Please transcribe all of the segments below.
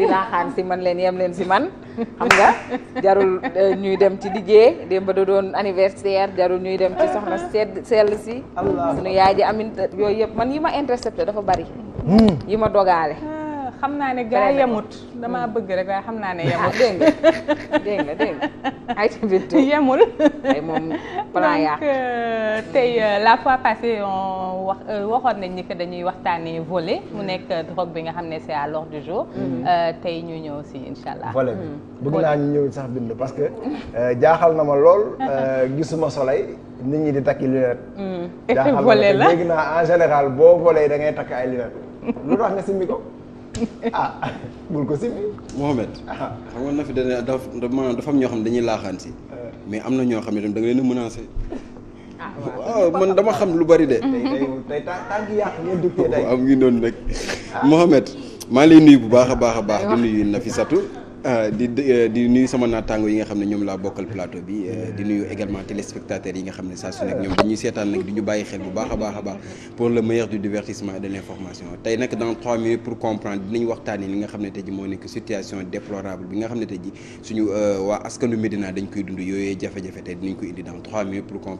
di laaxaan si man leen yem leen si man xam nga jarul eh, ñuy dem ci liggéey démb da doon anniversaire jarul ñuy dem ci soxna sedd sell si suñu yaay ji amin yooyu yëpp man yi ma intercepté dafa bari hmm. yi ma dogale hmm. xam naa ne gaa yemut damaa hmm. bëgg rek waaye xam naa ne ah, yemut. dégg nga dégg ay tamit yemul. donc euh, tey euh, la fois passée on wax euh, waxoon nañ ni dañuy waxtaanee volet. Hmm. mu nekk drogue bi nga xam ne si à l'ordre jour. Hmm. tey ñu ñëw si incha allah. volet bi bëgg naa ñu ñëw sax bind parce que jaaxal na ma lool gisuma soleil. nit ñi di takki lunette. effet la léegi naa en général boo volet da ngay takk ay lunette lu tax nga simmi ko. ah bul ko simbi. Mohamed. xam nga na fi dana dafa am ñoo xam ne dañuy laaxaan si. mais am na ñoo xam ne da nga leen a menacé. ah man dama xam lu bari de. tey tey am ngi doon nag. Ah. Mohamed maa ngi lay nuyu bu baax a baax a baax di nuyu satu Euh, di euh, di nuyu sama naataango yi nga xam ne ñoom laa bokkal plateau bi euh, di nuyu également téléspectateurs yi nga xam ne saa su ñoom dañuy seetaan nag di ñu bàyyi xel bu baax a baax a baax pour le meilleur du divertissement et de l' tey nag dans trois minutes pour comprendre dinañ waxtaanee li nga xam ne tey ji moo nekk situation déplorable bi nga xam ne te ji suñu waa askanu Médina dañ koy dund yooyee jafe-jafe tey dinañ ko indi dans trois minutes pour fi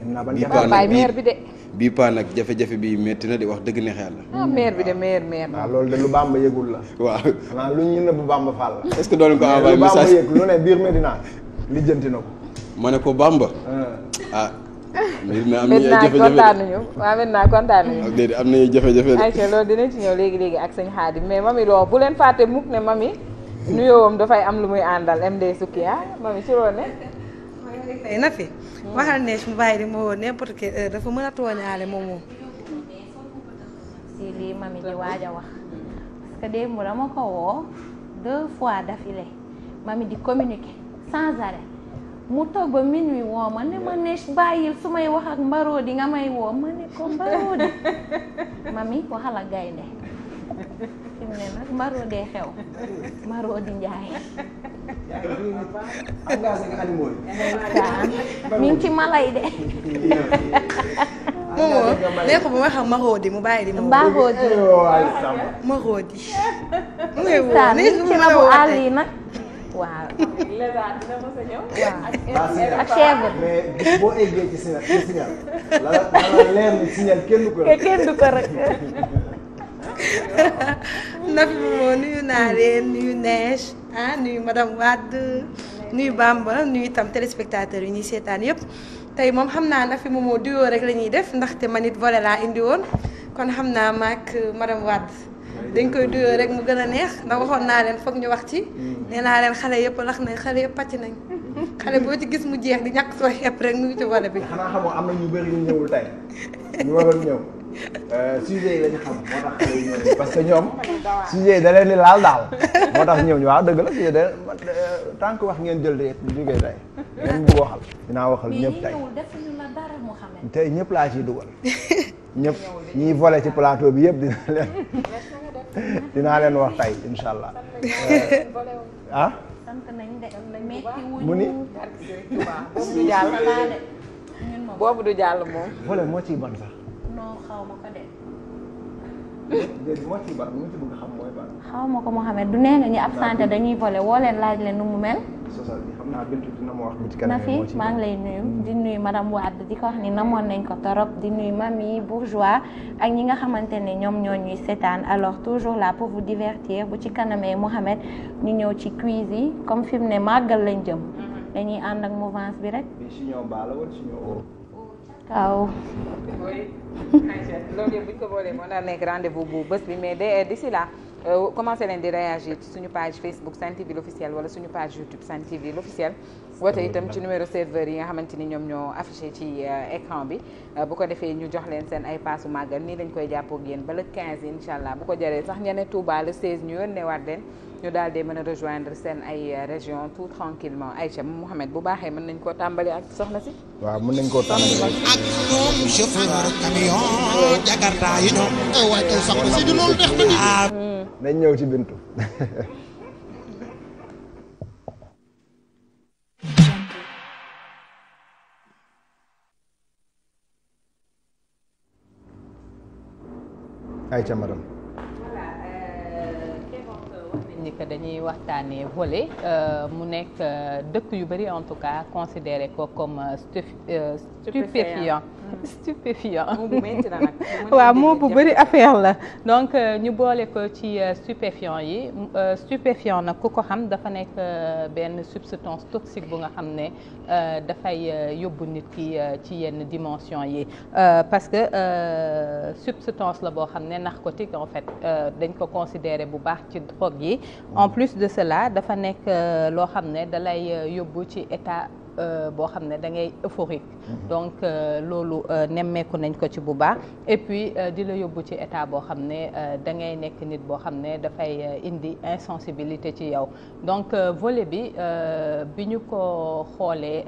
baay maire bi de bii paa nag jafe-jafe bi métti na di wax dëgg neex yàlla. ah maire bi de maire maire. Ah, waaw loolu de lu Bamba yëgul la. waaw xanaa lu ñu nëbb Bamba Fall la. est-ce que doo leen ko envoyé message lu Bamba na ko. ma ne ko Bamba. ah. ah. jafe-jafe kontaan nañu waaw Medina ah, am nañu jafe-jafe de. ayca loolu dinañ ci ñëw léegi léegi ak sëñ Xaadim mais mami loo bu leen fàtte mukk ne mami nuyoowam dafay am lu muy àndal MD Sukiya mami ci loo ne. na waxal ne su mu di ma woo n'importe quelle heure dafa mën a tooñaale moom moom. si lii mami ji waaj a wax parce que démb dama ko woo deux fois d'affilée mami di communiquer sans arrêt mu toog minuit woo ma ne ma ne bàyyil su may wax ak mbaroo di nga may woo ma ne mbaroo di mami waxal ak gaynde fi mu ne nag dee xew maroo di njaay mi ngi ci malay de moomoo nekk bu ma xam maroodi mu bàyyi di maroodi maroodi mu ngi woo nii su ma la waxee waaw. lézaat dina mos Nafi Momo nuyu naa mm. leen nuyu Neige ah nuyu madame Wade nuyu Bamba nuyu itam téléspectateur yi ñuy seetaan yëpp tey moom xam naa fi Momo duyoo rek lañuy ñuy def ndaxte ma it volet laa indi woon kon xam naa maak euh, madame Wade dañ koy duyoo rek mu gën a neex ndax waxoon naa leen foog ñu wax ci. Mm. nee naa leen xale yëpp lax nañ xale yëpp pàcc nañ. xale boo ci gis mu jeex di ñàkk soo xeeb rek mu ngi ci volet bi. am na ñu bëri ñu ñëwul tey ñu waroon ñëw. Euh, sujet yi lañu xam moo tax xale yi parce que ñoom sujet yi da leen di laal daal moo tax ñëw ñu waaw dëgg la sujet da euh, tant que wax ngeen jël de jógee tey ngeen bëgg ñëpp laa ciy dugal ñëpp ñiy volé ci plateau bi yëpp dina leen dinaa leen wax tey insha allah euh, ah mu ni boobu du jàll moom volé moo ciy ban non ko de. léegi moo xam mooy ko Mouhamed du nee nga ñi absenté dañuy volé woo leen laaj leen nu mu mel. social bi xam ma wax. ci maa ngi lay nuyu dinuy nuyu madame Wade di ko wax ni namoon nañ ko torop di nuyu mami bourgeois ak ñi nga xamante ne ñoom ñoo ñuy seetaan alors toujours la pour vous divertir bu ci kanamee Mouhamed ñu ñëw ci quiz yi comme fi ne màggal lañ jëm. dañuy ànd ak mouvance bi rek. waaw. loolu yëpp e bu ñu ko boolee mën naa nekk rendez-vous bu bés bi mais e d'ici là. commencé leen di réagir ci suñu page Facebook Sen TV l'officiel wala suñu page YouTube Sen TV l'officiel woote itam ci numéro serveur yi nga xamante ni ñoom ñoo affiché ci eh, écran bi eh, bu ko defee ñu jox leen seen ay paasu màggal nii lañ koy jàppoo ak yéen ba le 15 incha allah bu ko jëree sax ñene Touba le 16 ñu yónneewaat leen ñu daal di mën a rejoindre seen ay eh, région tout tranquillement Aïcha Mouhamed bu baaxee mën nañ koo tàmbali ak soxna si waaw mën nañ koo tàmbali ak ñoom chauffeur nañ ñëw ci bintu ay ca madam euh, ni dañuy waxtaanee volet euh, mu nekk euh, dëkk yu bëri en tout cas considéré ko comme stupéfiant Mm. stupéfiant waaw moo bu bëri affaire la donc euh, ñu boole ko ci euh, stupéfiant yi euh, stupéfiant nag ku ko xam dafa nekk benn substance toxique bu nga xam ne dafay yóbbu nit ki ci yenn dimension yi parce que substance la boo xam ne narcotique en fait dañ ko considérer bu baax ci drogue yi en mm. plus de cela dafa nekk loo xam ne dalay yóbbu ci état Euh, boo xam ne da ngay euphorique mm-hmm. donc euh, loolu euh, nemmeeku nañ ko ci bu baax et puis di la yóbbu ci état boo xam ne da ngay nekk nit boo xam ne dafay indi insensibilité ci yow donc volet bi bi ñu ko xoolee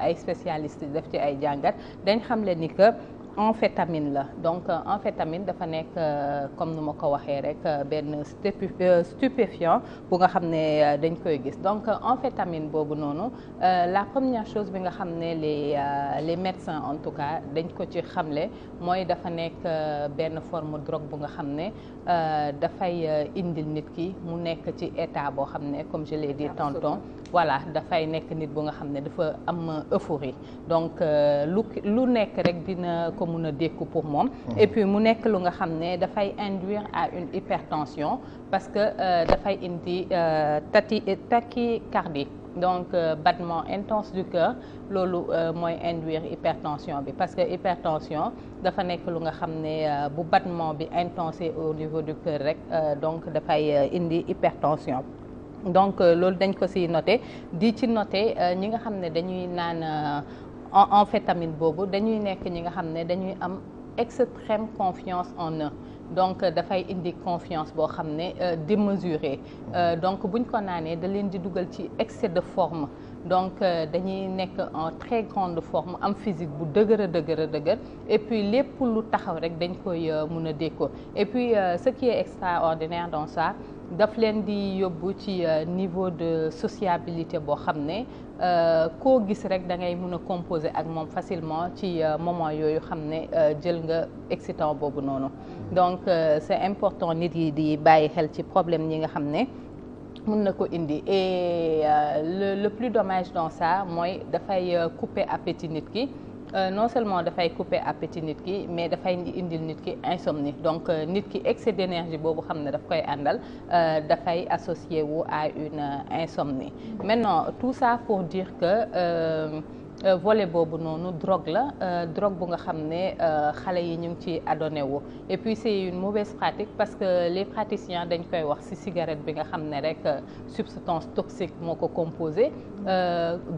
ay spécialistes def ci ay jàngat dañ xam le ni que amphétamine la donc euh, amphétamine dafa nekk euh, comme nu ma ko waxee rek euh, benn stupéfiant bu nga xam ne dañ koy gis donc amphétamine boobu noonu la première chose bi nga xam ne les les médecins en tout cas dañ ko ci xamle mooy dafa nekk benn forme drogue bu nga xam ne dafay indil nit ki mu nekk ci état boo xam ne comme je l'ai dit tantôt voilà dafay nekk nit bu nga xam ne dafa am euphorie donc lu nekk rek dina ko mun a dékku pour moom et puis mu nekk lu nga xam ne dafay induire à une hypertension parce que euh, dafay indi euh, tati tachycardie donc euh, battement intense du cœur loolu euh, mooy induire hypertension bi parce que hypertension dafa nekk lu nga xam ne euh, bu battement bi intense au niveau du cœur rek euh, donc dafay indi hypertension donc loolu dañ ko ci noter di ci noter ñi nga xam ne dañuy naan en amphétamine boobu dañuy nekk ñi nga xam ne dañuy am extrême confiance en eux donc euh, dafay indi confiance boo xam ne euh, démesurée euh, donc buñ ko naanee da leen di dugal ci excès de forme donc dañuy nekk en très grande forme am physique bu dëgër a dëgër a dëgër et puis lépp lu taxaw rek dañ koy mun a dékko et puis ce qui est extraordinaire dans ça daf leen di yóbbu ci niveau de sociabilité boo xam ne Euh, koo gis rek da ngay mun a composé ak moom facilement ci euh, moment yooyu xam ne euh, jël nga excitant boobu noonu donc c'est important nit yi di bàyyi xel ci problème ñi nga xam ne mun na ko indi et le le plus dommage dans ça mooy dafay couper appétit nit ki Euh, non seulement dafay couper appétit nit ki mais dafay indil nit ki insomnie donc euh, nit ki excès d'énergie boobu xam ne dafa koy àndal euh, dafay associé wu à une insomnie maintenant tout ça pour dire que Euh, volet boobu noonu drogue la euh, drogue bu nga xam ne euh, xale yi ñu ngi ci adonné wu et puis c'est une mauvaise pratique parce que les praticiens dañ koy wax ci cigarette bi nga xam ne rek substance toxique moo ko composé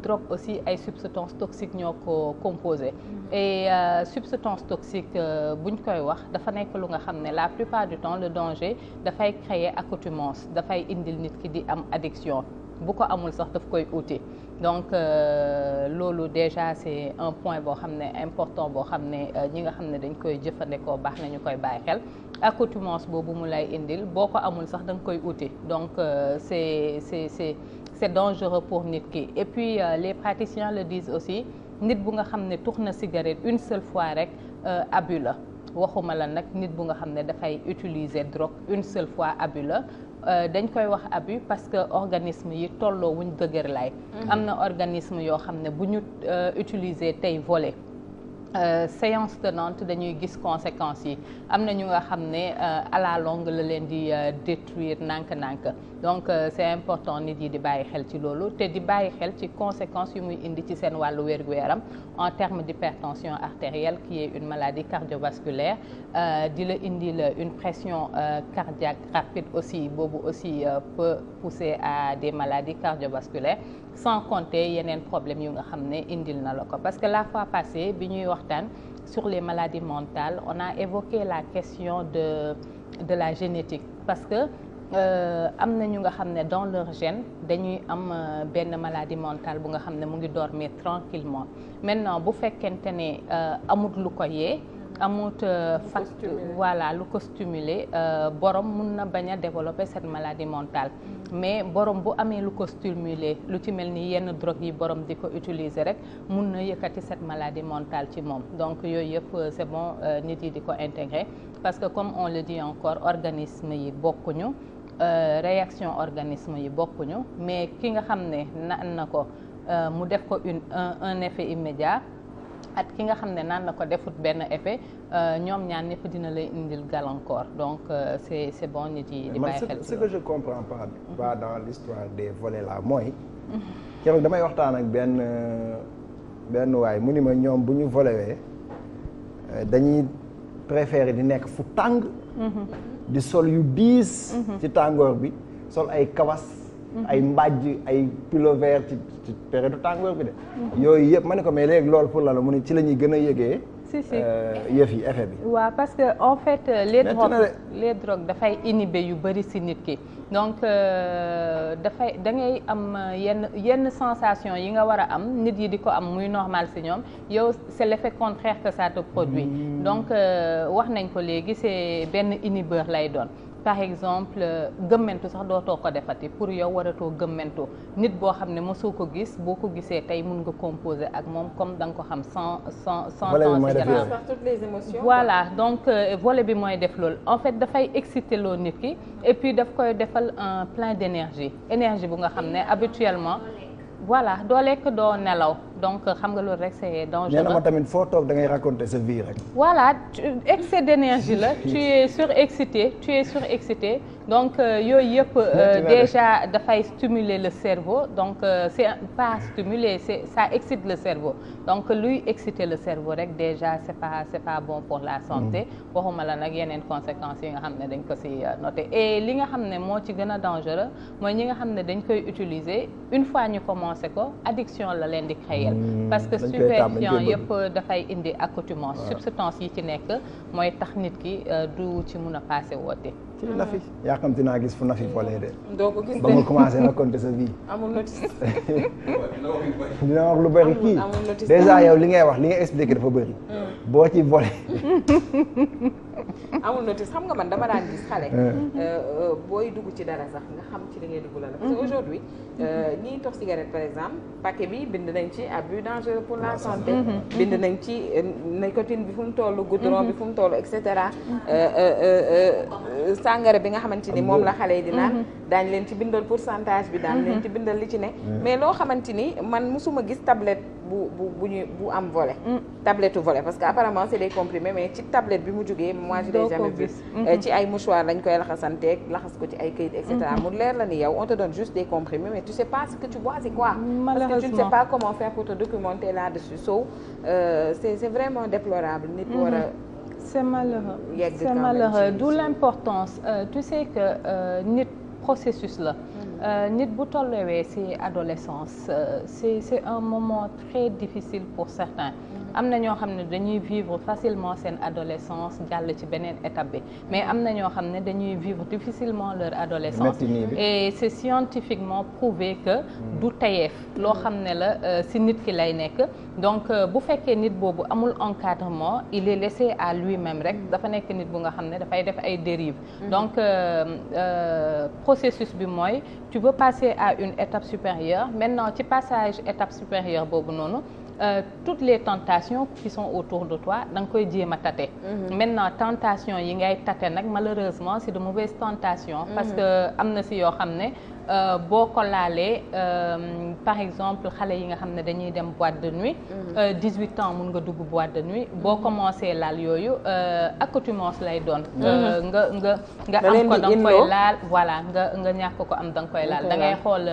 drogue aussi ay substance toxique ñoo ko composé mm-hmm. et substance toxique buñ koy wax dafa nekk lu nga xam ne la plupart du temps le danger dafay créer accoutumance dafay indil nit ki di am addiction bu ko amul sax daf koy uti donc euh, loolu déjà c'est un point boo xam ne important boo xam ne euh, ñi nga xam ne dañ koy jëfandikoo baax na ñu koy bàyyi xel accoutumance boobu mu lay indil boo ko amul sax da nga koy uti donc euh, c'est c'est c'est c'est dangereux pour nit ki et puis euh, les praticiens le disent aussi nit bu nga xam ne tux na cigarette une seule fois rek euh, abus la waxuma la nag nit bu nga xam ne dafay utiliser drogue une seule fois abus la Euh, dañ koy wax abus parce que organisme yi tolloo wuñ dëgër laay mm-hmm. am na organisme yoo xam ne bu ñu euh, utiliser tey volet Euh, séance tenante dañuy gis conséquences yi am nañu ñu nga xam ne euh, à la la leen di euh, détruire nànk-nànk donc c'est important nit yi di bàyyi xel ci loolu te di bàyyi xel ci conséquences yu muy indi ci seen wàllu wér-gu-yaram en terme d'hypertension artérielle qui est une maladie cardiovasculaire di la indil une pression cardiaque rapide aussi boobu aussi peut poussé à des maladies cardiovasculaires sans compter yeneen problème yu nga xam ne indil na la ko parce que la fois passée bi ñuy waxtaan sur les maladies mentales on a évoqué la question de de la génétique parce que euh, am na ñu nga xam ne dans leur gène dañuy am euh, benn maladie mentale bu nga xam ne mu ngi dormir tranquillement maintenant bu fekkente ne euh, amut lu ko yee amut euh, facteur voilà lu ko stimuler euh, borom mun na bañ a développer cette maladie montale mm. mais borom bu amee lu ko lu ci mel ni yenn drogue yi borom di ko utiliser rek mun na yëkkati cette maladie mentale ci moom donc yooyu yëpp euh, c'est bon nit yi di ko intégrer parce que comme on le di encore organisme yi bokkuñu Euh, réaction organisme yi bokkuñu mais ki nga xam ne naan na ko euh, mu def ko une un, un effet immédiat ak ki nga xam ne naan na ko defut benn effet euh, ñoom ñaan ñëpp dina lay indil gàllankoor donc euh, c'est c'est bon nit yi di bàyyi xel ce mhm. des volets là mooy damay waxtaan ak benn benn waay mu ni ma ñoom bu ñu volewee euh, dañuy préférer di nekk fu tàng mhm. di sol yu diis mhm. ci tàngoor bi sol ay kawas Mm-hmm. ay mbàjj ay pilo vert ci ci période tàngoor bi de. Mm-hmm. yooyu yëpp ma ne ko mais léegi loolu pour la la mu ne ci la ñuy gën a yëgee. si si euh, yëf yi effet bi. waa parce que en fait. Euh, les drogues les drogues dafay inhiber yu bëri si nit ki. donc euh, dafay da ngay am yenn yenn sensation yi nga war a am nit yi di ko am muy normal si ñoom yow c' est l' effet contraire que ça te produit. Mm. donc wax nañ ko léegi c' benn inhibeur lay doon. par exemple gëmmentu sax dootoo ko defati pour yow waratoo gëmmentu nit boo xam ne mosoo ko gis boo ko gisee tey mun nga composer ak moom comme da ko xam sans sans sans temps si voilà donc euh, volet bi mooy def lool en fait dafay exciter loo nit ki et puis daf koy defal un plein d'énergie énergie bu nga xam ne habituellement voilà doo lekk doo nelaw donc euh, xam nga loolu rek c'est na ma tamit foo toog da ngay raconter sa vie rek. voilà excès d'énergie la. tu es surexcité tu es surexcité donc euh, yooyu yëpp. Euh, déjà dafay stimuler le cerveau donc c'est pas stimuler c'est ça excite le cerveau donc luy exciter le cerveau rek déjà c'est pas c'est pas bon pour la santé. Mm-hmm. waxuma la nag yeneen conséquences yi nga xam ne dañ ko ci noter et li nga xam ne moo ci gën a dangereux mooy ñi nga xam ne dañ koy utiliser une fois ñu commencer ko addiction la leen di créer. réel mm, parce que stupéfiant yëpp dafay indi accoutumance substance yi ci nekk mooy tax nit ki euh, du ci mun a passé woote ci Nafi mm. yaa naa gis fu Nafi mm. foolee de. doo ko gis ba mu commencé raconter sa vie. amul notice. dina wax lu bëri kii déjà yow li ngay wax li ngay expliqué dafa bëri. boo ci volé. amul notice xam nga man dama daan gis xale. Euh, euh, booy dugg ci dara sax nga xam ci li ngay dugg la la. parce que aujourd'hui ñiy tox cigarette par exemple. paquet bi bind nañ ci abus dangereux pour la ah, mhm. euh, bi fu mu toll goudron bi mhm. fu mu toll et cetera mhm. euh, euh, sàngara bi nga xamante ni moom la xale yi di daañ leen ci bindal pourcentage bi daañ leen ci bindal li ci ne mais loo xamante ni man musuma gis tablette bu bu bu ñu bu am volet mm. tablette volet parce que apparemment c'est des comprimés mais ci tablette bi mu jugee moi je jamais vu ci ay mouchoir lañ koy laxasanteeg laxas ko ci ay këyit et cetera mu leer la ni yow on te juste des comprimés mais tu sais que malheureusement tu ne sais pas comment faire pour te documenter là-dessus so euh, c' est c' est vraiment déplorable. nit war a mm-hmm. c' est malheureux c' est malheureux d'où l' importance euh, tu sais que euh, nit processus la. Mm-hmm. Euh, nit bu tollewee ci adolescence euh, c' est c' est un moment très difficile pour certains. Mm-hmm. am na ñoo xam ne dañuy vivre facilement seen adolescence jàll ci beneen étape bi mais am na ñoo xam ne dañuy vivre difficilement leur adolescence et c'est scientifiquement prouvé que hmm. du tayeef loo xam ne la euh, si nit ki lay nekk donc euh, bu fekkee nit boobu amul encadrement il est laissé à lui-même rek hmm. dafa nekk nit bu nga xam ne dafay def ay dérives hmm. donc euh, euh, bi mooy tu veux passer à une étape supérieure maintenant ci passage étape supérieure boobu noonu euh, toutes les tentations qui sont autour de toi danga koy jéem a tate mhm. maintenant tentation yi ngay tate nag malheureusement ci de mauvaises tentation mhm. parce que am na si yoo xam ne euh, boo ko laalee euh, par exemple xale yi nga xam ne dañuy dem boîte de nuit. Mhm. Euh, dix huit ans mun nga dugg boîte de nuit boo commencé laal yooyu accoutumance lay doon. nga nga nga am ko da nga koy laal voilà nga nga ñàkk ko am da nga koy laal. da ngay xool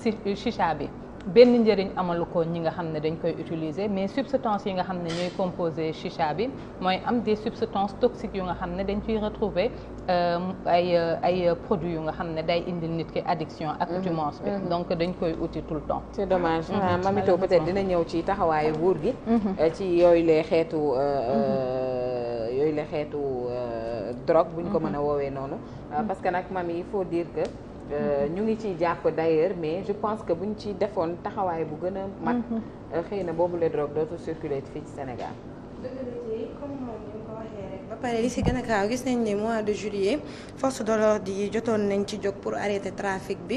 si chicha bi. benn njëriñ amalu ko ñi nga xam ne dañ koy utiliser mais substance yi nga xam ne ñooy composé chicha bi mooy am des substances toxiques yu nga xam ne dañ ciy retrouver euh, ay euh, ay produits yu nga xam ne day indil nit ki addiction ak mhm. tumence bi mhm. donc dañ koy uti tout le temps c'est dommage mhm. ah, mamito peut-être dina ñëw ci taxawaayu nguur gi euh, ci yooyu lee xeetu yooyu lee xeetu drogue buñ ko mën a woowee noonu parce que nag mam il faut dire Euh, ñu ngi ciy jàpp d'ailleurs mais je pense que buñ ci defoon taxawaay bu gën a mag mhm. euh, xëy na boobu les drogues dootu circuler fii ci Sénégal ba pare li si gën a kaaw gis nañ ne mois de juillet force de l'ordre yi jotoon nañ ci jóg pour arrêter trafic bi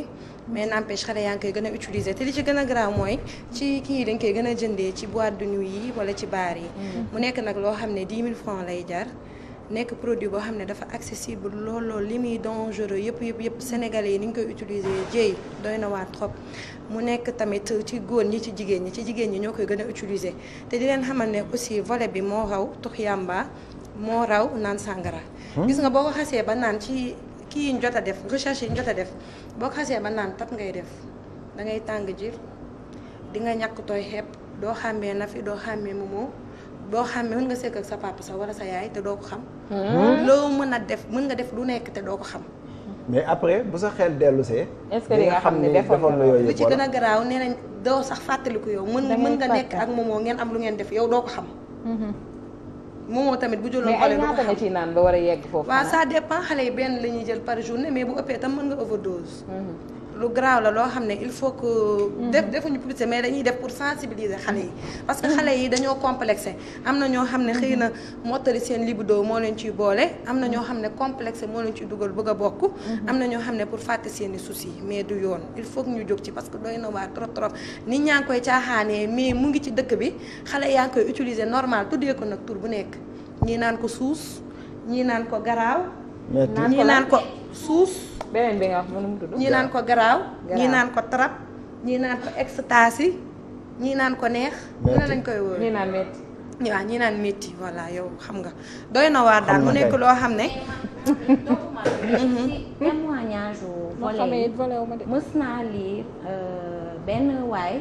mais n'empêche xale yaa ngi koy gën a utiliser te li ci gën a graaw mooy ci kii yi dañ koy gën a jëndee ci boîte de nuit yi wala ci baar yi mhm. mu nekk nag loo xam ne 10 000 francs lay jar nekk produit boo xam ne dafa accessible lool lool li muy dangereux yëpp yëpp yëpp sénégalais yi ni ñu koy utiliser jéey doy na waa trop mu nekk tamit ci góor ñi ci jigéen ñi ci jigéen ñi ñoo koy gën a utiliser te di leen xamal ne aussi volet bi moo raw tux yàmba moo raw naan sàngara hmm? gis nga boo ko xasee ba naan ci kii yi ñu jot a def recherche yi ñu jot a def boo ko xasee ba naan tat ngay def da ngay tàng jir di nga ñàkk tooy xepp doo xàmmee na fi doo xàmmee moomoo boo xam ne mën nga sekk ak sa papa sa wala sa yaay te doo ko xam. Hmm? loo mën a def mën nga def lu nekk te doo ko xam. mais après bu sa xel dellu see. est-ce nga xam ne defoon na yooyu lu ci gën a garaaw nee nañ doo sax fàttaliku yow. mën mën nga nekk ak moomoo ngeen am lu ngeen def yow doo ko xam. moomoo hmm. tamit bu jëloon xale du ko xam mais ay ciy naan ba war yegg foofu. waaw ça dépend xale yi benn la ñuy jël par journée mais bu ëppee tam mën nga overdose. Hmm. lu grave la loo xam ne il faut que. Mhm. def defuñu publicité mais dañuy def pour sensibiliser xale yi. Mhm. parce que xale yi dañoo complexé am na ñoo xam ne xëy na mhm. mottali seen libido moo leen ciy boole am na ñoo xam ne complexé moo leen ciy dugal bëgg a bokk. am na ñoo xam ne pour fàtte seeni i soucis mais du yoon il faut ñu jóg ci parce que doy na waa trop trop nit ñaa koy caaxaanee mais mu ngi ci dëkk bi xale yaa ngi koy utiliser normal tuddee ko nag tur bu nekk ñii naan ko suus ñii naan ko garaaw. naan ko. suus. beneen bi nga wax mënum tudd. ñii naan ko garaaw. ñii naan ko trap. ñii naan ko ecstasy. ñii naan ko neex. metti dina lañ koy wóor ñii naan metti. waaw ñii naan metti voilà yow xam nga doy na waar daal mu nekk loo xam ne. Mhm. Mhm. témoignage volet yi mës naa lire euh, benn waay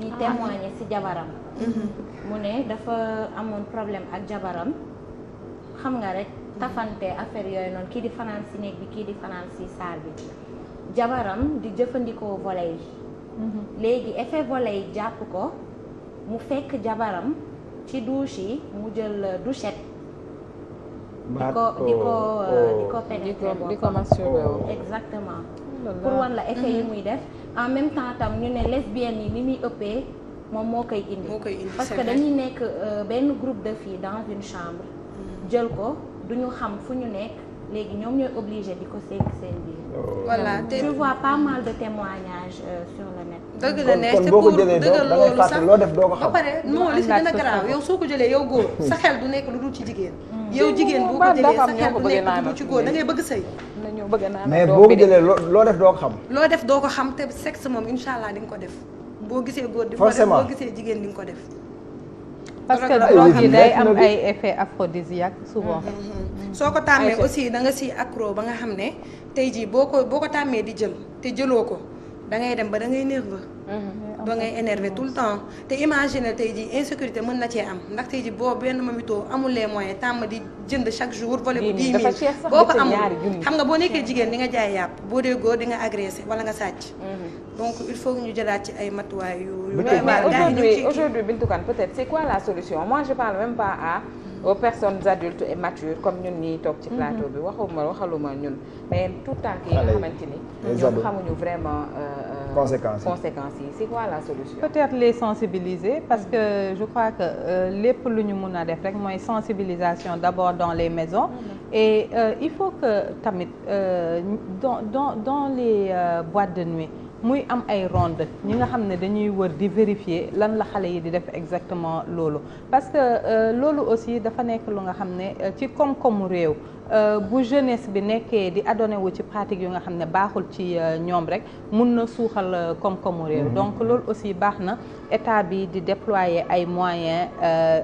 di ah. témoigner ci jabaram mhm. mu ne dafa amoon problème ak jabaram xam nga rek tafante affaire yooyu noonu kii di fanaan si néeg bi kii di fanaan si saal bi jabaram di jëfandikoo volet yi mhm. léegi effet volet yi jàpp ko mu fekk jabaram ci douche mu jël euh, douchette di ko di ko oh, euh, di oh. ko pénétrer di ko oh. exactement pour wan la effet yi mhm. muy def en même temps tam ñu ne lesbiennes yi ni muy ëppee moom moo koy indi parce que dañuy nekk euh, benn groupe de filles dans une chambre mhm. jël ko du ñu xam fu ñu nekk léegi ñoom ñooy obligé di ko sekk seen biir. voilà te je vois pas mal de témoignages euh, sur le net. dëgg la ne te pour loo def doo ko xam. ba pare non a soo ko jëlee yow góor sa xel du nekk lu dul ci jigéen. Mm. yow jigéen boo ko jëlee sa xel du nekk lu dul ci góor da ngay bëgg sëy. mais boo ko jëlee loo def doo ko xam. loo def doo ko xam te sexe moom incha allah di nga ko def. boo gisee góor di ko def boo gisee jigéen di nga ko def. parce que drogue yi day am ay effet aphrodisiaque souvent mm-hmm, mm-hmm. soo ko tàmmee aussi da nga siy accro ba nga xam ne tey jii boo ko boo ko tàmmee di jël te jëloo ko da ngay dem ba da ngay nerveux mm-hmm. ba ngay énervé tout le temps te imaginer tey jii insécurité mën na cee am ndax tey ji boo benn mamito amul lee moyens tàmm di jënd chaque jour volet bu dix mille boo ko amul xam nga boo nekkee jigéen di nga jaay yàpp boo dee góor di nga agressé wala nga sàcc mm-hmm. donc il faut ñu jëlaat ci ay matuwaay yu mais aujourd'hui aujourd'hui Bintou peut-être c'est quoi la solution moi je parle même pas à aux personnes adultes et matures comme ñun ñiy toog ci mm-hmm. plateau bi waxuma waxaluma ñun mais tout temps les ados xamuñu vraiment. Euh, conséquences yi conséquences yi c'est quoi la solution. peut-être les sensibiliser parce que je crois que euh, lépp lu ñu mun a def rek mooy sensibilisation d'abord dans les maisons. et euh, il faut que tamit euh, dans dans dans les euh, boîtes de nuit. muy am ay ronde ñi nga xam ne dañuy wër di vérifier lan la xale yi di def exactement loolu parce que loolu aussi dafa nekk lu nga xam ne ci koom-koomu réew Euh, bu jeunesse bi nekkee di adonné wu ci pratique yu nga xam ne baaxul ci euh, ñoom rek mun na suuxal euh, koom-koomu réew mhm. donc loolu aussi baax na état bi di déployer ay moyens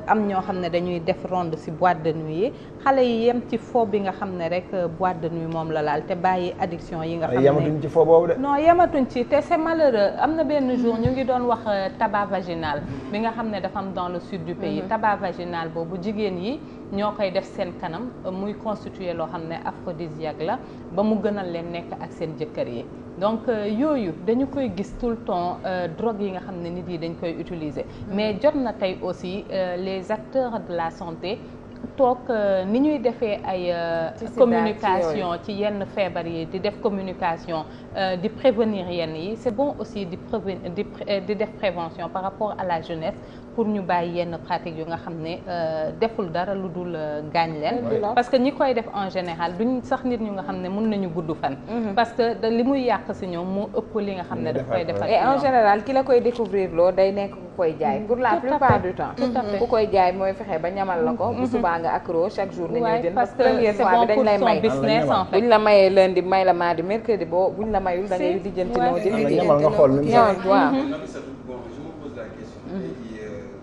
am ñoo xam ne dañuy def ronde ci boîte de nuit yi xale yi yem ci fo bi nga xam ne rek euh, boîte de nuit moom la laal te bàyyi addiction yi nga xam ne yematuñ ci fo boobu de. noo yematuñ ci te c'est malheureux am na benn jour ñu ngi doon wax euh, tabac bi nga xam ne dafa am dans le sud du pays mhm. tabac boobu jigéen yi ñoo koy def seen kanam euh, muy constituer loo xam ne aphrodisiaque la ba mu gënal leen nekk ak seen jëkkër yi donc yooyu dañu koy gis tout le temps drogue yi nga xam ne nit yi dañ koy utiliser mhm. mais jot na tey aussi les acteurs de la santé toog euh, ni ñuy defee ay euh, communication ci yenn feebar yi di def communication euh, di prévenir yenn yi c'est bon aussi di prévenir di def prévention par rapport à la jeunesse pour ñu bàyyi yenn pratique yu nga xam ne deful dara lu dul gaañ leen parce que ñi koy def en général ñu sax nit ñu nga xam ne mën nañu gudd fan mhm. parce que li muy yàq si ñoom mu ëpp li nga xam ne daf koy defal et en général ki la koy découvrir loo day nekk koy jaay mm. pour la plupart du mm-hmm. ku koy jaay mooy fexe ba ñamal la ko mm-hmm. bu subaa nga accro chaque jour nga ñëw jënd parce que première fois bi dañ lay may buñ la mayee di may la mardi mercredi boo buñ la mayul da ngay lijjanti noo jënd ah, ñamal nga xool waaw mm-hmm.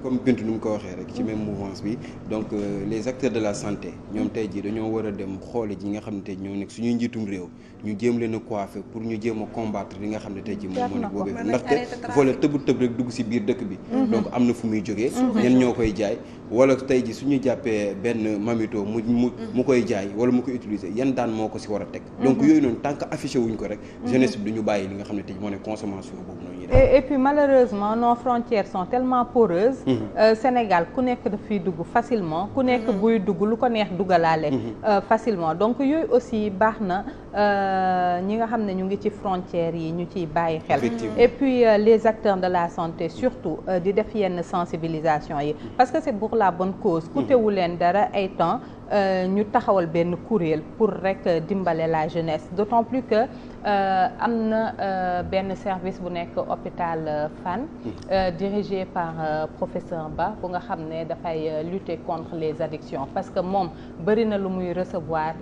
comme Bintu nu mu ko waxee rek ci même mouvance bi donc euh, les acteurs de la santé ñoom tey jii dañoo war a dem xoole ji nga xam ne tey ñoo nekk suñuy njiitum réew ñu jéem leen a coiffer pour ñu jéem a combattre li nga xam ne tey jii moom moo nekk boobee ndaxte volet tëb tëb rek dugg si biir dëkk bi mhm. donc am na fu muy jógee mhm. ñen ñoo koy jaay wala tey ji ñu jàppee benn mamito mu mu mu mm-hmm. koy jaay wala mu ko utiliser yan daan moo ko si war a teg mm-hmm. donc yooyu noonu tant que affiché wuñ ko rek mm-hmm. jeunesse bi du ñu bàyyi li nga xam ne tey moo ne consommation boobu noonu ñuy et puis malheureusement nos frontières sont tellement poreuses euh, Sénégal ku nekk dafay dugg facilement ku nekk buy dugg lu ko neex dugalaale euh, facilement donc yooyu aussi baax na Euh, ñi nga xam ne ñu ngi ci frontières yi ñu ci bàyyi xel et puis euh, les acteurs de la santé surtout euh, di def yenn sensibilisation yi parce que c'est pour la bonne cause mm-hmm. coûtewu leen dara ay temps Euh, ñu taxawal benn kuréel pour rek euh, dimbale la jeunesse d'autant plus que euh, am na benn service bu nekk hôpital fan mm. dirigé par professeur Ba ku nga xam ne dafay lutter contre les addictions parce que moom bëri na lu muy recevoir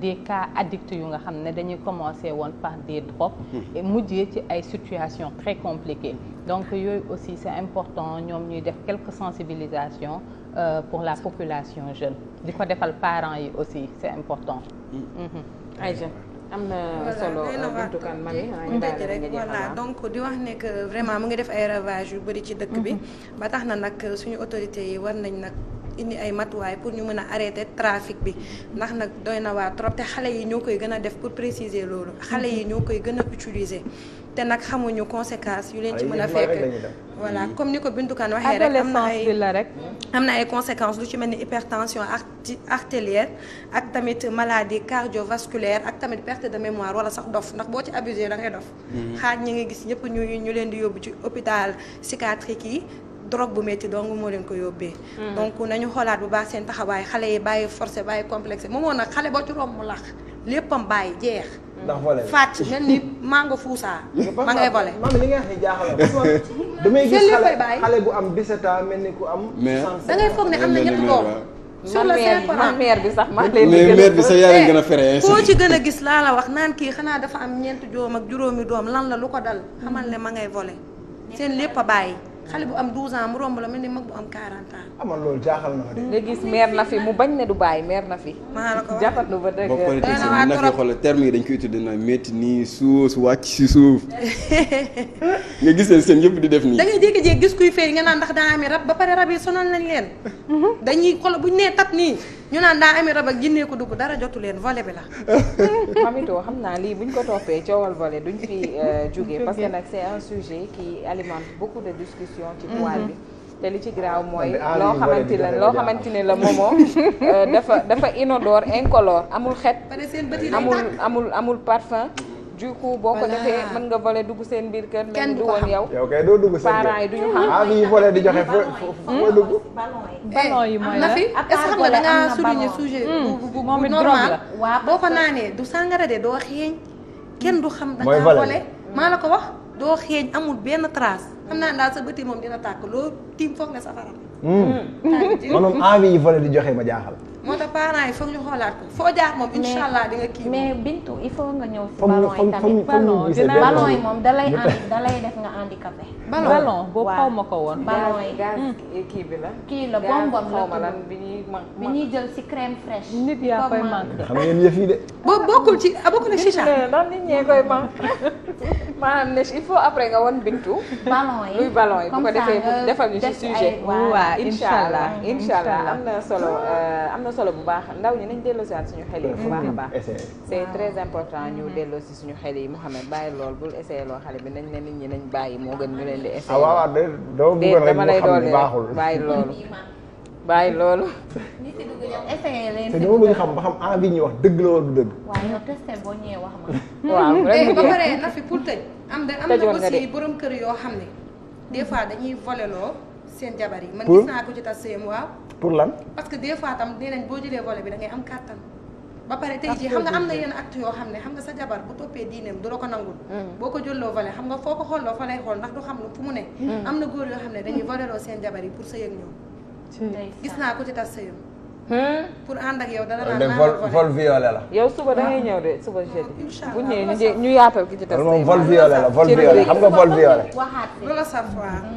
des cas addicts yu nga xam ne dañuy commencer woon par des drogues mm. mujjee ci ay situation très compliquées donc yooyu aussi c'est important ñoom ñuy def quelques sensibilisations euh, pour la population jeune di ko defal parents yi aussi c'est important. Mm-hmm. ayca am na solo euh, buntu kan man rek voilà donc di wax ne vraiment mu ngi def ay ravages yu bari ci dëkk bi. Mm-hmm. ba tax na nag euh, suñu autorités yi war nañ nag. indi ay matuwaay pour ñu mën a arrêter trafic bi ndax nag doy na waa trop te xale yi ñoo koy gën a def pour préciser loolu xale yi mm-hmm. ñoo koy gën a utiliser te nag xamuñu conséquences yu leen ci mën a fekk voilà mm-hmm. comme ni ko Bintoukane waxee rek am na ay am na ay conséquences lu ci mel ni hypertension artérielle ak tamit maladie cardiovasculaire ak tamit perte de mémoire wala sax dof ndax boo ci abusé da ngay dof mm-hmm. xaaj ñi nga gis ñëpp ñu ñu leen di yóbbu ci hôpital psychiatrique yi drogue bu métti dong moo leen ko yóbbee mm. donc nañu xoolaat bu baax seen taxawaay xale yi bàyyi forcé bàyyi complexé moomoo nag xale boo ci romb lax léppam bàyyi jeex ndax volé fàcc mel ni mango fuusaa. ma ngay volé maam li nga xam ne jaaxal na damay gis xale bu am 17 ans mel ni ku am. da am na ñetti doom. sur le Saint-Coran bi sax man leen di gën a sa yaa gën a fere eh, koo ci gën a gis laa la wax naan kii xanaa dafa am ñeenti doom ak juróomi doom lan la lu ko dal xamal ne ma ngay volé seen lépp a bàyyi. xale bu am 12 ans mu romb la mel ni mag bu am 40 ans. ah man na nga gis meer na fi mu bañ ne du bàyyi meer na fi. maa la ko jàppatlu ba dëgg. boo paree na fi xoolal terme yi dañ koy tuddee na métti nii suuf wàcc si suuf nga gis leen seen yëpp di def nii. da ngay jékki-jékki gis kuy feeñ nga naan ndax daa amee rab ba pare rab yi sonal nañ leen. Mhm. dañuy xool bu ñu nee tat nii. ñu naan daa ami rab ak jinne ko dugg dara jotu leen volet bi la Mamito xam naa lii buñ ko toppee coowal volet duñ fi euh, jógee parce que nag c'est un sujet qui alimente beaucoup de discussions ci toile mhm. bi te li ci graaw mooy loo xamante la loo xamante ne la moomoo euh, dafa dafa inodore incolore amul xet amul amul amul parfum du boo ko defee mën nga voler dugg seen biir kër. kenn du ko xam yow. yow doo dugg seen parents yi duñu ah, xam. ah joxe fo foo dugg. Eh, ballon yi mooy la fi est-ce que xam nga hmm. naanee du sàngara de doo xeeñ. kenn du xam da ngaa voler maa la ko wax doo xeeñ amul benn trace. xam naa daal sa bëti moom dina tàkk loo tiim foog ne safara. Hmm. Hmm. maanaam envie yi voler di joxe ma jaaxal. moo tax parents yi foog ñu xoolaat ko foo jaar moom incha allah di nga kii. mais Bintu il faut nga ñëw si ballon yi tamit ballon yi moom dalay dalay def nga handicapé. ballon boobu xaw ma ko woon. ballon yi hmm. eh, kii bi la. kii la bonbon la bi ñuy bi jël si crème fraîche. nit yaa koy manqué. xam ngeen yëf yi de. boo bokkul ci ah, bokkul ci chicha. nit ñee koy manqué. waa ne il faut après nga won yi luy ballon yi defal ñu ci sujet. waaw incha allah am na solo euh, am na solo bu baax ndaw ñi nañ delloosiwaat suñu xel yi bu baax a mm-hmm. baax. c'est très important ñu delloosi suñu xel yi Mouhamed bàyyi lool bul essayé loo xale bi nañ ne nit ñi nañ bàyyi moo gën ñu leen di. Ah, essayé waaw waaw de dama lay doole baaxul bàyyi loolu. bàyyi loolu. te dama bëgg xam ba xam bi ñu wax dëgg la wala du dëgg. waaw yow boo ñëwee wax ma. waaw rek eh, ba pare na fi pour tëj. am na am na aussi borom kër yoo xam ne des fois dañuy voleloo seen jabar yi. man gis naa ko ci tas seen waaw. pour lan parce que des fois tam nee nañ boo jëlee volet bi da am kàttan. ba pare tey jii xam nga am na yenn acte yoo xam ne xam nga sa jabar bu toppee diineem du la ko nangul hmm. boo ko jëlloo vole xam nga foo ko xolloo fa lay xool ndax du xam lu fu hmm. yoo xam ne dañuy voleloo seen jabar yi pour sa yëg gis naa ko ci tas sëyam pour ànd ak yow dana naan vol vol violé la. yow suba ah. da ngay ñëw de suba oh, jeudi. incha bu ñëwee ñu yaatal ki ci tas. moom vol violé la vol violé xam nga vol violé. waxaat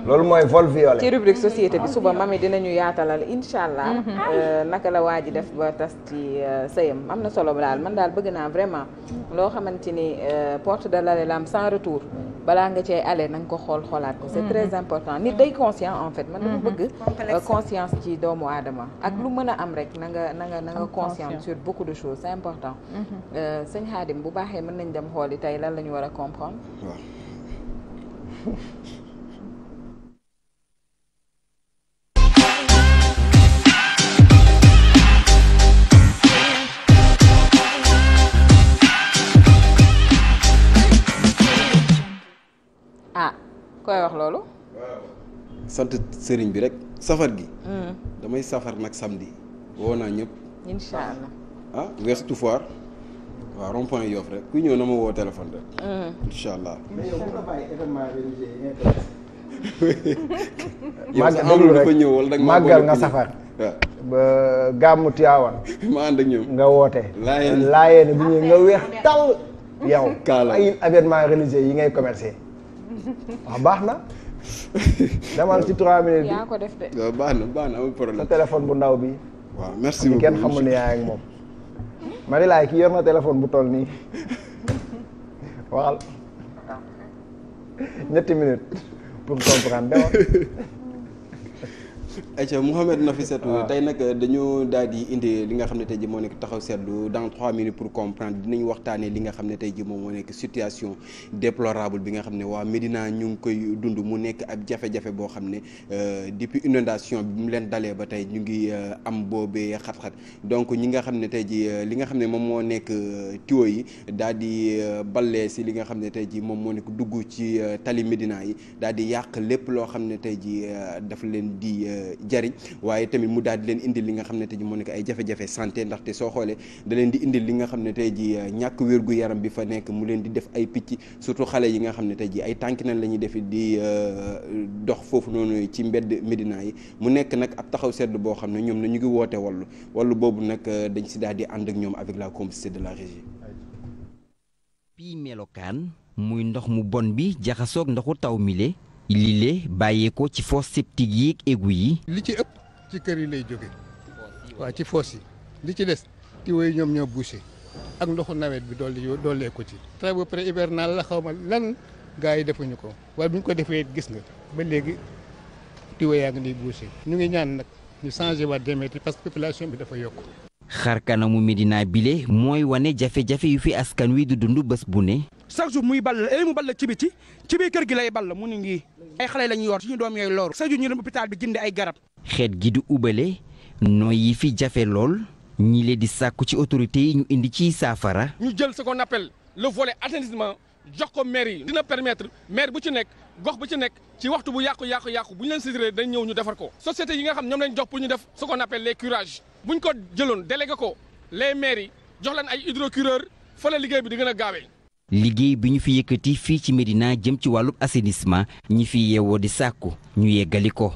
loolu mooy vol violé. ci rubrique société bi suba mami dinañu yaatalal incha allah. Mm-hmm. Euh, naka la waa ji def ba tas ci euh, sëyam am na solo daal man daal bëgg naa vraiment mm. loo xamante ni euh, porte de la l'Alélam sans retour. balaa nga cee aller nanga ko xool xoolaat ko c'est très mhm. important nit day conscient en fait man dama mhm. bëgg euh, conscience ci doomu aadama ak lu mën a am rek na nga na nga na nga conscient sur beaucoup de choses c'est important mhm. euh, sëñ Khadim bu baaxee mën nañ dem xool yi tey lan la ñu war a comprendre ah koy wax loolu. sant sëriñ bi rek safar gi. Hmm. damay safar nag samedi woo naa ñëpp. incha allah ah Ouest Foire waaw rond-point rek ku ñëw na ma woo téléphone rek. Hmm. incha allah. nga yi màggal nga safar. Ah. ba gàmmu Tiwaawan. ma ànd ak ñoom nga woote. laayeen laayeen bi ñu nga weex tal yow. kaala yi ngay commercer. waaw ah, baax na. demal ci 3 minutes. yaa ko def de. waaw baax na baax na amul problème. sa téléphone bu ndaw bi. waaw merci beaucoup kenn xamul Marie Laye ki na téléphone bu tol nii waxal ñetti minutes pour comprendre demal. ayca Mouhamed Nafissatou ah. tey nag dañu daal di indi li nga xam ne tey ji taxaw seetlu dans trois pour comprendre dinañ waxtaanee li nga xam ne tey ji moom moo nekk situation déplorable bi nga xam ne waa Médina ñu ngi koy dund mu nekk ab jafe-jafe boo xam ne euh, depuis inondation bi mu leen dalee ba tey ñu ngi euh, am boobee xat-xat donc ñi nga xam ne tey ji euh, li nga xam ne moom moo nekk tuyau yi daal di ballee si li nga xam ne tey ji moom moo nekk dugg ci tali Médina yi daal di yàq lépp loo xam ne tey ji daf leen di jariñ waaye tamit mu daal di leen indil li nga xam ne tey ji moo nekk ay jafe-jafe santé ndaxte soo xoolee daleen di indil li nga xam ne tey ji euh, ñàkk wérgu yaram bi fa nekk mu leen di def ay picc surtout xale yi nga xam ne tey ji ay tànk na la ñuy defi di euh, dox foofu noonu ci mbedd Médina yi mu nekk nag ab taxaw sedd boo xam ne ñoom na ñu ngi woote wallu wallu boobu nag euh, dañ si daal di ànd ak ñoom avec la complicité de la régie bii melokaan muy ndox mu bon bi jaxasoog ndoxu taw mile lile bàyyee ko ci fosse septique yi égout yi. li ci ëpp ci kër yi lay jóge waaw ci foos yi li ci des tuyaux yi ñoom ñoo bouché ak ndoxu nawet bi dolli ko ci. travaux pré-hivernal la xaw ma lan gars yi defuñu ko waaye bu ñu ko defee gis nga ba léegi tuyaux yaa ngi lay bouché ñu ngi ñaan nag ñu changé waat démétri parce que population bi dafa yokk. xar kanamu Medina bile mooy wane jafe-jafe yu fi askan wi du dund bés bu ne. chaque jour muy ball léegi eh, mu ball ci bi ci biir kër gi lay ball mu ni ngi ay xale la ñuy yor suñu doom yooyu looru chaque jour ñu dem hôpital bi jënd ay garab. xeet gi di ubale nooy yi fi jafe lool ñi leen di sàkku ci autorité yi ñu indi ci saafara. ñu jël ce ko appelle le volet assainissement jox ko maire yi dina permettre maire bu ci nekk gox bu ci nekk ci waxtu bu yàqu yàqu yàqu bu ñu leen séddale dañ ñëw ñu defar ko. société yi nga xam ñoom lañ jox ñu def ce qu'on appelle les bu ñu ko jëloon délégué ko les maires jox leen ay hydrocureurs fa la liggéey bi di gën gaawee liggéey bi ñu fi yëkkati fii ci Médina jëm ci wàllu assainissement ñi fi yeewoo di sàkku ñu yeggali ko.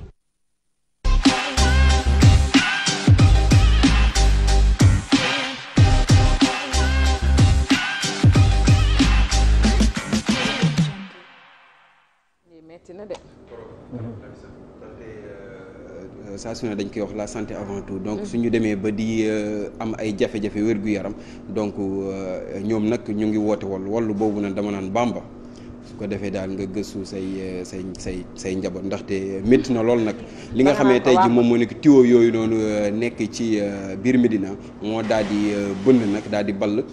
saa euh, su ne dañ koy wax la santé avant tout donc mm. suñu demee ba di euh, am ay jafe-jafe wér-gu-yaram donc euh, ñoom nag ñu ngi woote wallu wallu boobu nag dama naan bàmba su ko defee daal nga gëstu say say say say njaboot ndaxte métti na lool nag li nga xamee tey ji moom moo nekk tuyau yooyu noonu nekk ci biir Médina moo daal di bënn nag daal di ball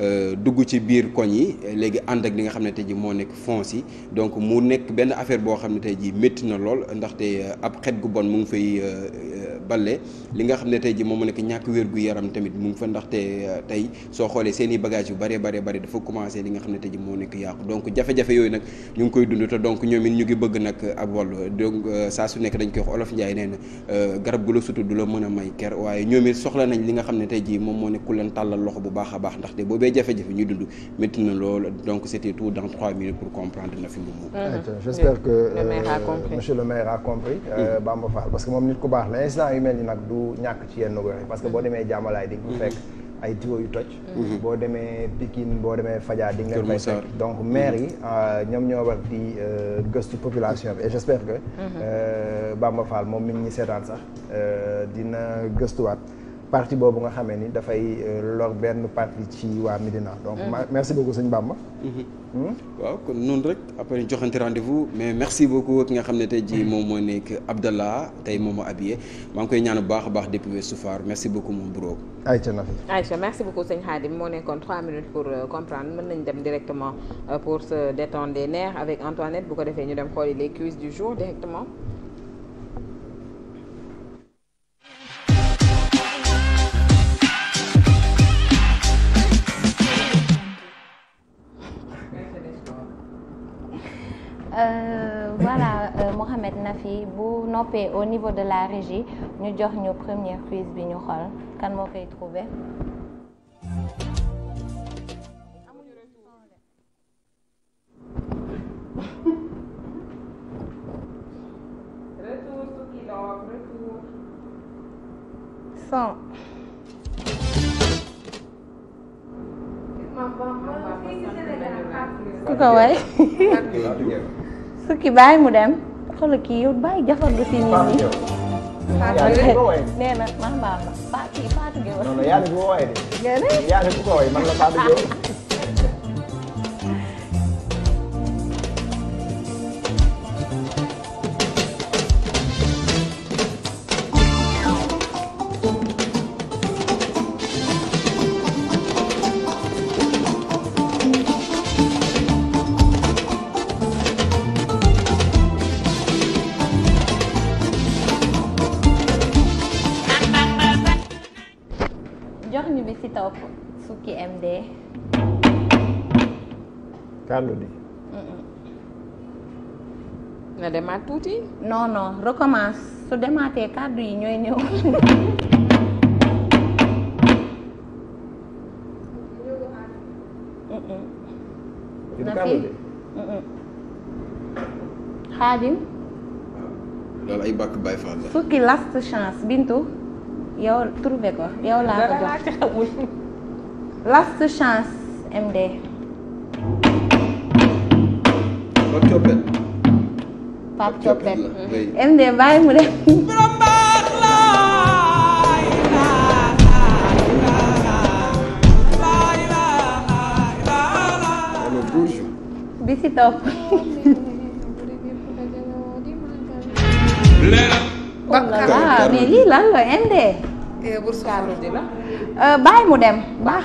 Euh, dugg ci biir koñ yi léegi ànd ak li nga xam ne tey ji moo nekk fonds yi mu nekk benn affaire boo xam ne tey ji métti na lool ndaxte euh, ab xet gu bon mu ngi fay euh, balle li nga xam ne tey ji moom mu nekk ñàkk wér gu yaram tamit mu ngi fa ndaxte tey soo xoolee seen i yu bare bare bare dafa commencé li nga xam ne tey ji moo nekk yàqu donc jafe-jafe yooyu nag ñu ngi koy dund te donc ñoom it ñu ngi bëgg nag ab wàll donc saa su nekk dañ koy wax olof Njaay nee na garab gu la sutu du la mën a may ker waaye ñoom it soxla nañ li nga xam ne tey ji moom moo nekk leen tàllal loxo bu baax a baax ndaxte ba jafe-jafe ñuy dund métti donc c' tout dans trois minutes pour comprendre na fi mu j' mm-hmm. espère que euh, a compris euh, mm-hmm. Bamba Fall parce que moom nit ku baax la instant yu mel ni nag du ñàkk ci yenn gox yi parce que boo mm-hmm. demee jàmmalaay di nga fekk ay tuyaux yu toj boo demee Pikine boo demee Fadja di nga fay fekk donc maire yi euh, ñoom ñoo war di euh, gëstu population bi et j' espère que euh, Bamba Fall moom mi ngi seetaan sax dina gëstuwaat parti boobu nga xamee ni dafay euh, lor benn parti ci waa Médina donc mm. merci beaucoup sëñ Bamba mm-hmm. hmm? waaw kon noonu rek après joxante rendez-vous mais merci beaucoup ki nga xam ne tey jii mm-hmm. moom moo nekk Abdallah tey moom moo habillé maa ngi koy ñaan bu baax a baax depuis Ouest Foire merci beaucoup moom Bro. Aïcha Nafi Aïcha merci beaucoup sëñ Khadim moo nekkoon 3 minutes pour euh, comprendre mën nañ dem directement euh, pour se détendre les nerfs avec Antoinette bu ko defee ñu dem xooli les quiz du jour Ahmed Nafi bu noppee au niveau de la régie ñu jox ñu première quiz bi ñu xool kan moo koy trouver cent. ku ko way sukki bàyyi mu dem. xoolal ki yow bàyyi jafar nga si nit ñi. yaa ngi ko woowee nee na maa mbaa ba kii Fatou Gueye. non non yaa ngi ko woowee de. nee yaa ngi ko woowee man la Fatou Gueye. tuuti. non non recommence su demaatee kàddu yi ñooy ñëw. na fi xaadim. loolu last chance Bintu yow trouvé ko yow laa ko last chance MD. Pape Coppet MD bàyyi mu dem bi si topp waaw mais lii lan la MD bàyyi mu dem baax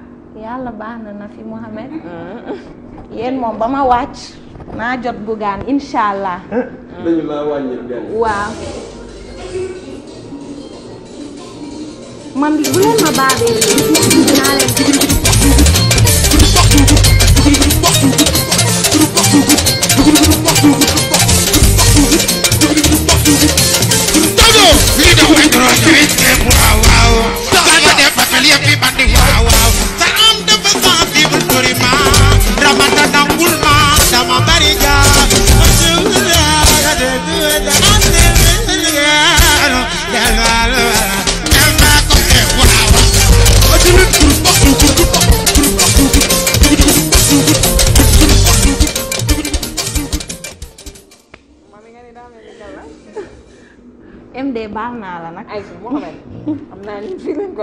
yàlla baax na na fi Mouhamed mm-hmm. yéen moom ba ma wàcc naa jot bugaan incha allah mm-hmm. dañu laa wàññil benn waaw man bu leen ma baabee leen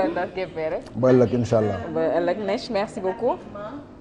koy ndar képpee rek. ba ëllëg incha allah. ba ëllëg Nech merci beaucoup.